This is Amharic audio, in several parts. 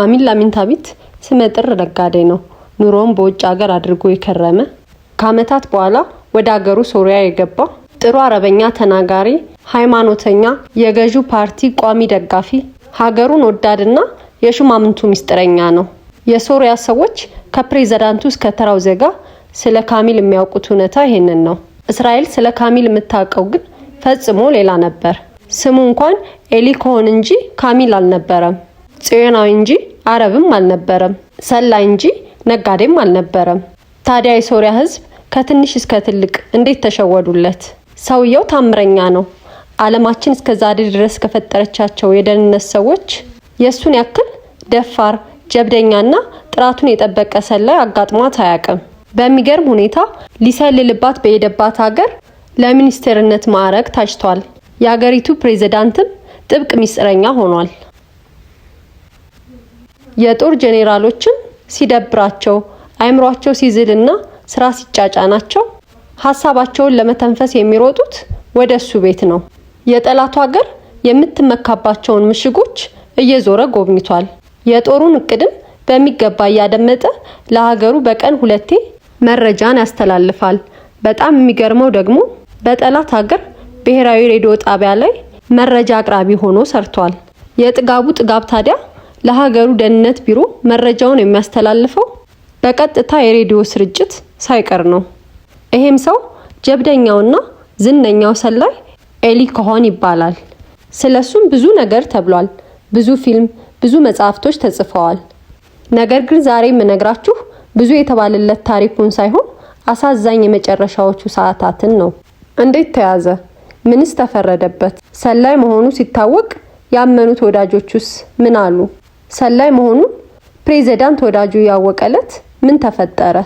አሚን ላሚንታቢት ስመጥር ነጋዴ ነው። ኑሮውን በውጭ ሀገር አድርጎ የከረመ ከዓመታት በኋላ ወደ አገሩ ሶሪያ የገባ ጥሩ አረበኛ ተናጋሪ፣ ሃይማኖተኛ፣ የገዢው ፓርቲ ቋሚ ደጋፊ፣ ሀገሩን ወዳድና የሹማምንቱ ምስጢረኛ ነው። የሶሪያ ሰዎች ከፕሬዚዳንቱ እስከ ተራው ዜጋ ስለ ካሚል የሚያውቁት እውነታ ይሄንን ነው። እስራኤል ስለ ካሚል የምታውቀው ግን ፈጽሞ ሌላ ነበር። ስሙ እንኳን ኤሊ ከሆን እንጂ ካሚል አልነበረም። ጽዮናዊ እንጂ አረብም አልነበረም፣ ሰላይ እንጂ ነጋዴም አልነበረም። ታዲያ የሶሪያ ህዝብ ከትንሽ እስከ ትልቅ እንዴት ተሸወዱለት? ሰውየው ታምረኛ ነው። አለማችን እስከ ዛሬ ድረስ ከፈጠረቻቸው የደህንነት ሰዎች የእሱን ያክል ደፋር ጀብደኛና ጥራቱን የጠበቀ ሰላይ አጋጥሟት አያውቅም። በሚገርም ሁኔታ ሊሰልልባት በሄደባት ሀገር ለሚኒስቴርነት ማዕረግ ታጭቷል። የሀገሪቱ ፕሬዝዳንትም ጥብቅ ሚስጥረኛ ሆኗል። የጦር ጄኔራሎችን ሲደብራቸው አይምሯቸው ሲዝልና ስራ ሲጫጫናቸው ሀሳባቸውን ለመተንፈስ የሚሮጡት ወደ እሱ ቤት ነው። የጠላቱ ሀገር የምትመካባቸውን ምሽጎች እየዞረ ጎብኝቷል። የጦሩን እቅድም በሚገባ እያደመጠ ለሀገሩ በቀን ሁለቴ መረጃን ያስተላልፋል። በጣም የሚገርመው ደግሞ በጠላት ሀገር ብሔራዊ ሬዲዮ ጣቢያ ላይ መረጃ አቅራቢ ሆኖ ሰርቷል። የጥጋቡ ጥጋብ ታዲያ ለሀገሩ ደህንነት ቢሮ መረጃውን የሚያስተላልፈው በቀጥታ የሬዲዮ ስርጭት ሳይቀር ነው። ይሄም ሰው ጀብደኛውና ዝነኛው ሰላይ ኤሊ ኮሆን ይባላል። ስለሱም ብዙ ነገር ተብሏል። ብዙ ፊልም፣ ብዙ መጽሐፍቶች ተጽፈዋል። ነገር ግን ዛሬ የምነግራችሁ ብዙ የተባለለት ታሪኩን ሳይሆን አሳዛኝ የመጨረሻዎቹ ሰዓታትን ነው። እንዴት ተያዘ? ምንስ ተፈረደበት? ሰላይ መሆኑ ሲታወቅ ያመኑት ወዳጆቹስ ምን አሉ? ሰላይ መሆኑን ፕሬዚዳንት ወዳጁ ያወቀለት ምን ተፈጠረ?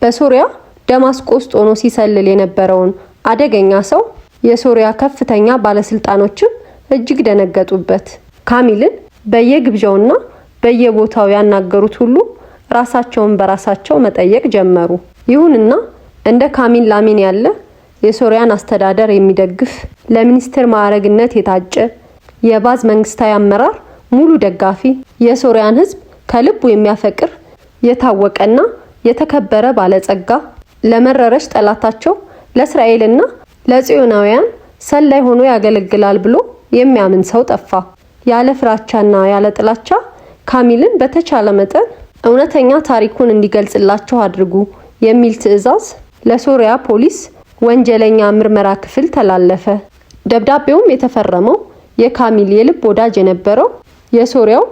በሶሪያ ደማስቆ ውስጥ ሆኖ ሲሰልል የነበረውን አደገኛ ሰው የሶሪያ ከፍተኛ ባለስልጣኖችም እጅግ ደነገጡበት። ካሚልን በየግብዣውና በየቦታው ያናገሩት ሁሉ ራሳቸውን በራሳቸው መጠየቅ ጀመሩ። ይሁንና እንደ ካሚል ላሚን ያለ የሶሪያን አስተዳደር የሚደግፍ ለሚኒስትር ማዕረግነት የታጨ የባዝ መንግስታዊ አመራር ሙሉ ደጋፊ፣ የሶሪያን ህዝብ ከልቡ የሚያፈቅር የታወቀና የተከበረ ባለጸጋ፣ ለመረረች ጠላታቸው ለእስራኤልና ለጽዮናውያን ሰላይ ሆኖ ያገለግላል ብሎ የሚያምን ሰው ጠፋ። ያለ ፍራቻና ያለ ጥላቻ ካሚልን በተቻለ መጠን እውነተኛ ታሪኩን እንዲገልጽላቸው አድርጉ የሚል ትዕዛዝ ለሶሪያ ፖሊስ ወንጀለኛ ምርመራ ክፍል ተላለፈ። ደብዳቤውም የተፈረመው የካሚል የልብ ወዳጅ የነበረው የሶሪያው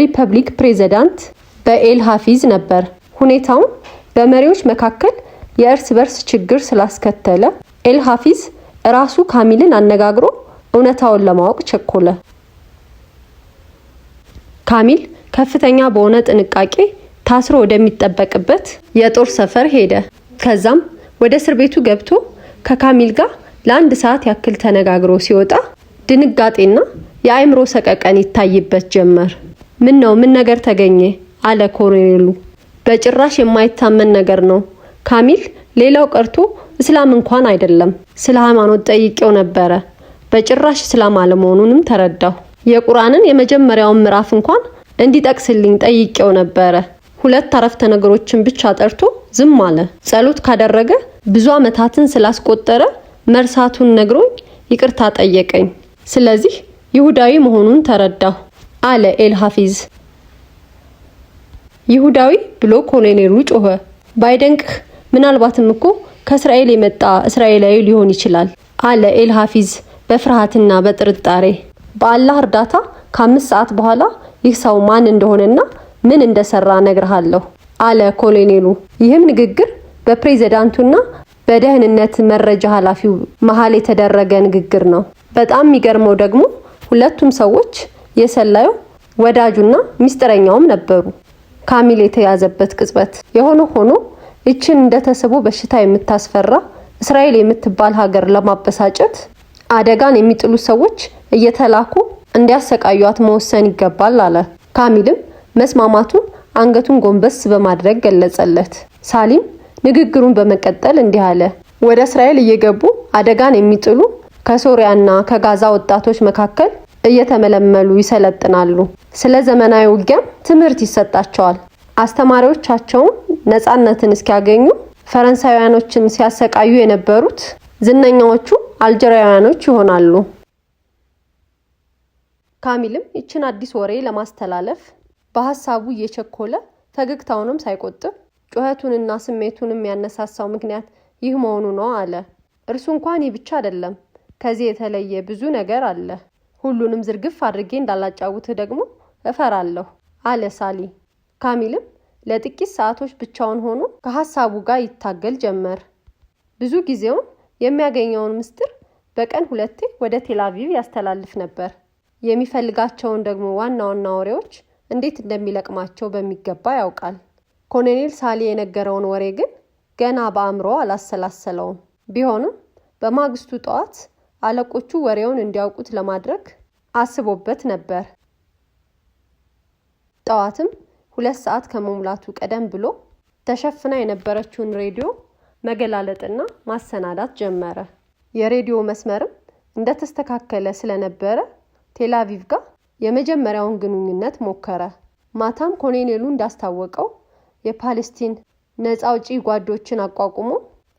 ሪፐብሊክ ፕሬዝዳንት በኤል ሀፊዝ ነበር። ሁኔታውም በመሪዎች መካከል የእርስ በርስ ችግር ስላስከተለ ኤል ሀፊዝ ራሱ ካሚልን አነጋግሮ እውነታውን ለማወቅ ቸኮለ። ካሚል ከፍተኛ በሆነ ጥንቃቄ ታስሮ ወደሚጠበቅበት የጦር ሰፈር ሄደ። ከዛም ወደ እስር ቤቱ ገብቶ ከካሚል ጋር ለአንድ ሰዓት ያክል ተነጋግሮ ሲወጣ ድንጋጤና የአእምሮ ሰቀቀን ይታይበት ጀመር። ምን ነው? ምን ነገር ተገኘ? አለ ኮሎኔሉ። በጭራሽ የማይታመን ነገር ነው ካሚል። ሌላው ቀርቶ እስላም እንኳን አይደለም። ስለ ሃይማኖት ጠይቄው ነበረ። በጭራሽ እስላም አለመሆኑንም ተረዳሁ። የቁርአንን የመጀመሪያውን ምዕራፍ እንኳን እንዲጠቅስልኝ ጠይቄው ነበረ። ሁለት አረፍተ ነገሮችን ብቻ ጠርቶ ዝም አለ። ጸሎት ካደረገ ብዙ ዓመታትን ስላስቆጠረ መርሳቱን ነግሮኝ ይቅርታ ጠየቀኝ። ስለዚህ ይሁዳዊ መሆኑን ተረዳሁ አለ ኤልሃፊዝ። ይሁዳዊ ብሎ ኮሎኔሉ ጮኸ። ባይደንቅህ ምናልባትም እኮ ከእስራኤል የመጣ እስራኤላዊ ሊሆን ይችላል አለ ኤልሃፊዝ በፍርሃትና በጥርጣሬ። በአላህ እርዳታ ከአምስት ሰዓት በኋላ ይህ ሰው ማን እንደሆነና ምን እንደሰራ ነግርሃለሁ አለ ኮሎኔሉ። ይህም ንግግር በፕሬዚዳንቱና? በደህንነት መረጃ ኃላፊው መሀል የተደረገ ንግግር ነው። በጣም የሚገርመው ደግሞ ሁለቱም ሰዎች የሰላዩ ወዳጁና ሚስጥረኛውም ነበሩ። ካሚል የተያዘበት ቅጽበት የሆነ ሆኖ ይችን እንደተስቦ በሽታ የምታስፈራ እስራኤል የምትባል ሀገር ለማበሳጨት አደጋን የሚጥሉ ሰዎች እየተላኩ እንዲያሰቃዩት መወሰን ይገባል አለ። ካሚልም መስማማቱን አንገቱን ጎንበስ በማድረግ ገለጸለት። ሳሊም ንግግሩን በመቀጠል እንዲህ አለ። ወደ እስራኤል እየገቡ አደጋን የሚጥሉ ከሶሪያና ከጋዛ ወጣቶች መካከል እየተመለመሉ ይሰለጥናሉ። ስለ ዘመናዊ ውጊያም ትምህርት ይሰጣቸዋል። አስተማሪዎቻቸውም ነጻነትን እስኪያገኙ ፈረንሳውያኖችን ሲያሰቃዩ የነበሩት ዝነኛዎቹ አልጀሪያውያኖች ይሆናሉ። ካሚልም ይችን አዲስ ወሬ ለማስተላለፍ በሀሳቡ እየቸኮለ ፈገግታውንም ሳይቆጥብ ጩኸቱንና ስሜቱንም ያነሳሳው ምክንያት ይህ መሆኑ ነው አለ። እርሱ እንኳን ይህ ብቻ አይደለም፣ ከዚህ የተለየ ብዙ ነገር አለ። ሁሉንም ዝርግፍ አድርጌ እንዳላጫውትህ ደግሞ እፈራለሁ አለ ሳሊ። ካሚልም ለጥቂት ሰዓቶች ብቻውን ሆኖ ከሀሳቡ ጋር ይታገል ጀመር። ብዙ ጊዜውን የሚያገኘውን ምስጢር በቀን ሁለቴ ወደ ቴላቪቭ ያስተላልፍ ነበር። የሚፈልጋቸውን ደግሞ ዋና ዋና ወሬዎች እንዴት እንደሚለቅማቸው በሚገባ ያውቃል። ኮሎኔል ሳሊ የነገረውን ወሬ ግን ገና በአእምሮ አላሰላሰለውም። ቢሆንም በማግስቱ ጠዋት አለቆቹ ወሬውን እንዲያውቁት ለማድረግ አስቦበት ነበር። ጠዋትም ሁለት ሰዓት ከመሙላቱ ቀደም ብሎ ተሸፍና የነበረችውን ሬዲዮ መገላለጥና ማሰናዳት ጀመረ። የሬዲዮ መስመርም እንደተስተካከለ ስለነበረ ቴላቪቭ ጋር የመጀመሪያውን ግንኙነት ሞከረ። ማታም ኮሎኔሉ እንዳስታወቀው የፓለስቲን ነፃ አውጪ ጓዶችን አቋቁሞ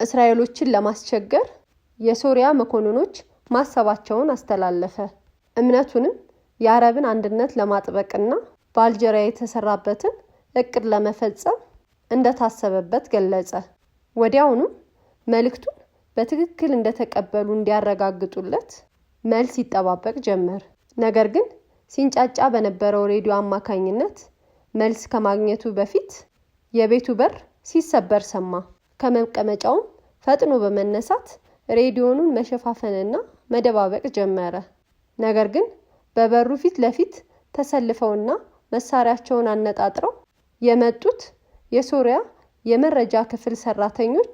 እስራኤሎችን ለማስቸገር የሶሪያ መኮንኖች ማሰባቸውን አስተላለፈ። እምነቱንም የአረብን አንድነት ለማጥበቅና በአልጀሪያ የተሰራበትን እቅድ ለመፈጸም እንደታሰበበት ገለጸ። ወዲያውኑም መልእክቱን በትክክል እንደተቀበሉ እንዲያረጋግጡለት መልስ ይጠባበቅ ጀመር። ነገር ግን ሲንጫጫ በነበረው ሬዲዮ አማካኝነት መልስ ከማግኘቱ በፊት የቤቱ በር ሲሰበር ሰማ። ከመቀመጫውም ፈጥኖ በመነሳት ሬዲዮኑን መሸፋፈንና መደባበቅ ጀመረ። ነገር ግን በበሩ ፊት ለፊት ተሰልፈውና መሳሪያቸውን አነጣጥረው የመጡት የሶሪያ የመረጃ ክፍል ሰራተኞች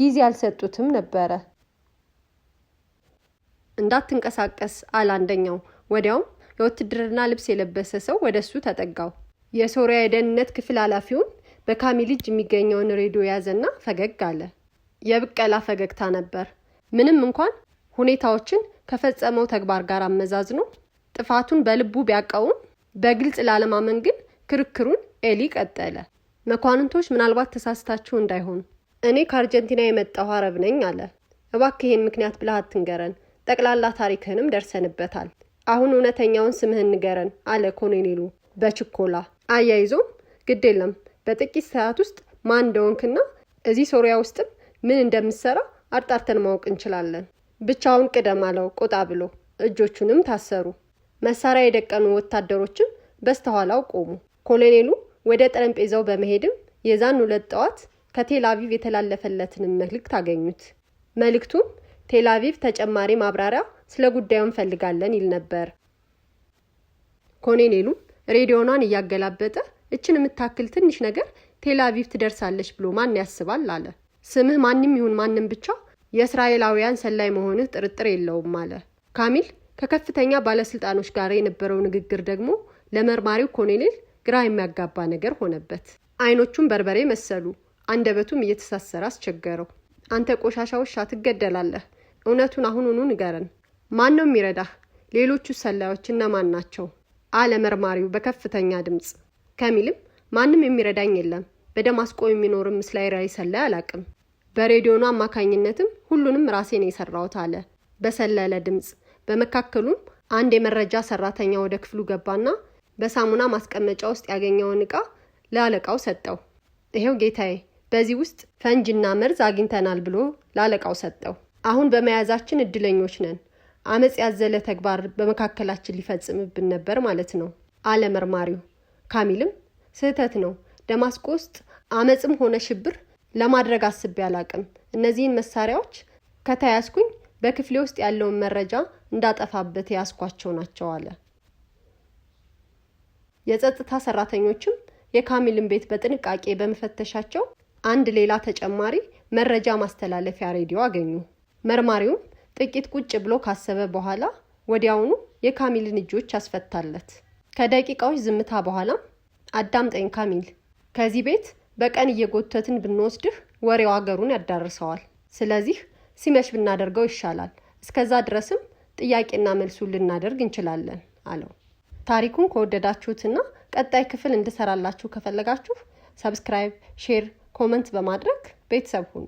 ጊዜ አልሰጡትም ነበረ። እንዳትንቀሳቀስ አለ አንደኛው። ወዲያውም የውትድርና ልብስ የለበሰ ሰው ወደ እሱ ተጠጋው። የሶሪያ የደህንነት ክፍል ኃላፊውን በካሚ የሚገኘውን ሬዲዮ ያዘና ፈገግ አለ። የብቀላ ፈገግታ ነበር። ምንም እንኳን ሁኔታዎችን ከፈጸመው ተግባር ጋር አመዛዝኖ ጥፋቱን በልቡ ቢያቀውም በግልጽ ላለማመን ግን ክርክሩን ኤሊ ቀጠለ። መኳንንቶች ምናልባት ተሳስታችሁ እንዳይሆኑ እኔ ከአርጀንቲና የመጣሁ አረብ ነኝ አለ። እባክህ ይህን ምክንያት ብለህ አትንገረን። ጠቅላላ ታሪክህንም ደርሰንበታል። አሁን እውነተኛውን ስምህን ንገረን አለ ኮሎኔሉ በችኮላ አያይዞም ግድ የለም በጥቂት ሰዓት ውስጥ ማን እንደሆንክና እዚህ ሶሪያ ውስጥም ምን እንደምትሰራ አጣርተን ማወቅ እንችላለን። ብቻውን ቅደም አለው ቆጣ ብሎ። እጆቹንም ታሰሩ። መሳሪያ የደቀኑ ወታደሮችም በስተኋላው ቆሙ። ኮሎኔሉ ወደ ጠረጴዛው በመሄድም የዛን ሁለት ጠዋት ከቴላቪቭ የተላለፈለትንም መልእክት አገኙት። መልእክቱም ቴላቪቭ ተጨማሪ ማብራሪያ ስለ ጉዳዩ እንፈልጋለን ይል ነበር። ኮሎኔሉ ሬዲዮኗን እያገላበጠ እችን የምታክል ትንሽ ነገር ቴላቪቭ ትደርሳለች ብሎ ማን ያስባል አለ። ስምህ ማንም ይሁን ማንም ብቻ የእስራኤላውያን ሰላይ መሆንህ ጥርጥር የለውም አለ ካሚል። ከከፍተኛ ባለስልጣኖች ጋር የነበረው ንግግር ደግሞ ለመርማሪው ኮሎኔል ግራ የሚያጋባ ነገር ሆነበት። አይኖቹም በርበሬ መሰሉ፣ አንደበቱም እየተሳሰረ አስቸገረው። አንተ ቆሻሻ ውሻ ትገደላለህ፣ እውነቱን አሁኑኑ ንገረን። ማን ነው የሚረዳህ? ሌሎቹ ሰላዮች እነማን ናቸው? አለ መርማሪው በከፍተኛ ድምፅ። ከሚልም ማንም የሚረዳኝ የለም። በደማስቆ የሚኖርም ምስላይ ሰላይ አላቅም። በሬዲዮኑ አማካኝነትም ሁሉንም ራሴ ነው የሰራሁት አለ በሰለለ ድምፅ። በመካከሉም አንድ የመረጃ ሰራተኛ ወደ ክፍሉ ገባና በሳሙና ማስቀመጫ ውስጥ ያገኘውን ዕቃ ለአለቃው ሰጠው። ይሄው ጌታዬ፣ በዚህ ውስጥ ፈንጅና መርዝ አግኝተናል ብሎ ለአለቃው ሰጠው። አሁን በመያዛችን እድለኞች ነን። አመፅ ያዘለ ተግባር በመካከላችን ሊፈጽምብን ነበር ማለት ነው አለ መርማሪው። ካሚልም ስህተት ነው፣ ደማስቆ ውስጥ አመፅም ሆነ ሽብር ለማድረግ አስቤ አላቅም። እነዚህን መሳሪያዎች ከተያዝኩኝ በክፍሌ ውስጥ ያለውን መረጃ እንዳጠፋበት የያዝኳቸው ናቸው አለ። የጸጥታ ሰራተኞችም የካሚልን ቤት በጥንቃቄ በመፈተሻቸው አንድ ሌላ ተጨማሪ መረጃ ማስተላለፊያ ሬዲዮ አገኙ። መርማሪውም ጥቂት ቁጭ ብሎ ካሰበ በኋላ ወዲያውኑ የካሚልን እጆች አስፈታለት። ከደቂቃዎች ዝምታ በኋላም አዳምጠኝ ካሚል፣ ከዚህ ቤት በቀን እየጎተትን ብንወስድህ ወሬው አገሩን ያዳርሰዋል። ስለዚህ ሲመሽ ብናደርገው ይሻላል። እስከዛ ድረስም ጥያቄና መልሱን ልናደርግ እንችላለን አለው። ታሪኩን ከወደዳችሁትና ቀጣይ ክፍል እንድሰራላችሁ ከፈለጋችሁ ሰብስክራይብ፣ ሼር፣ ኮመንት በማድረግ ቤተሰብ ሁኑ።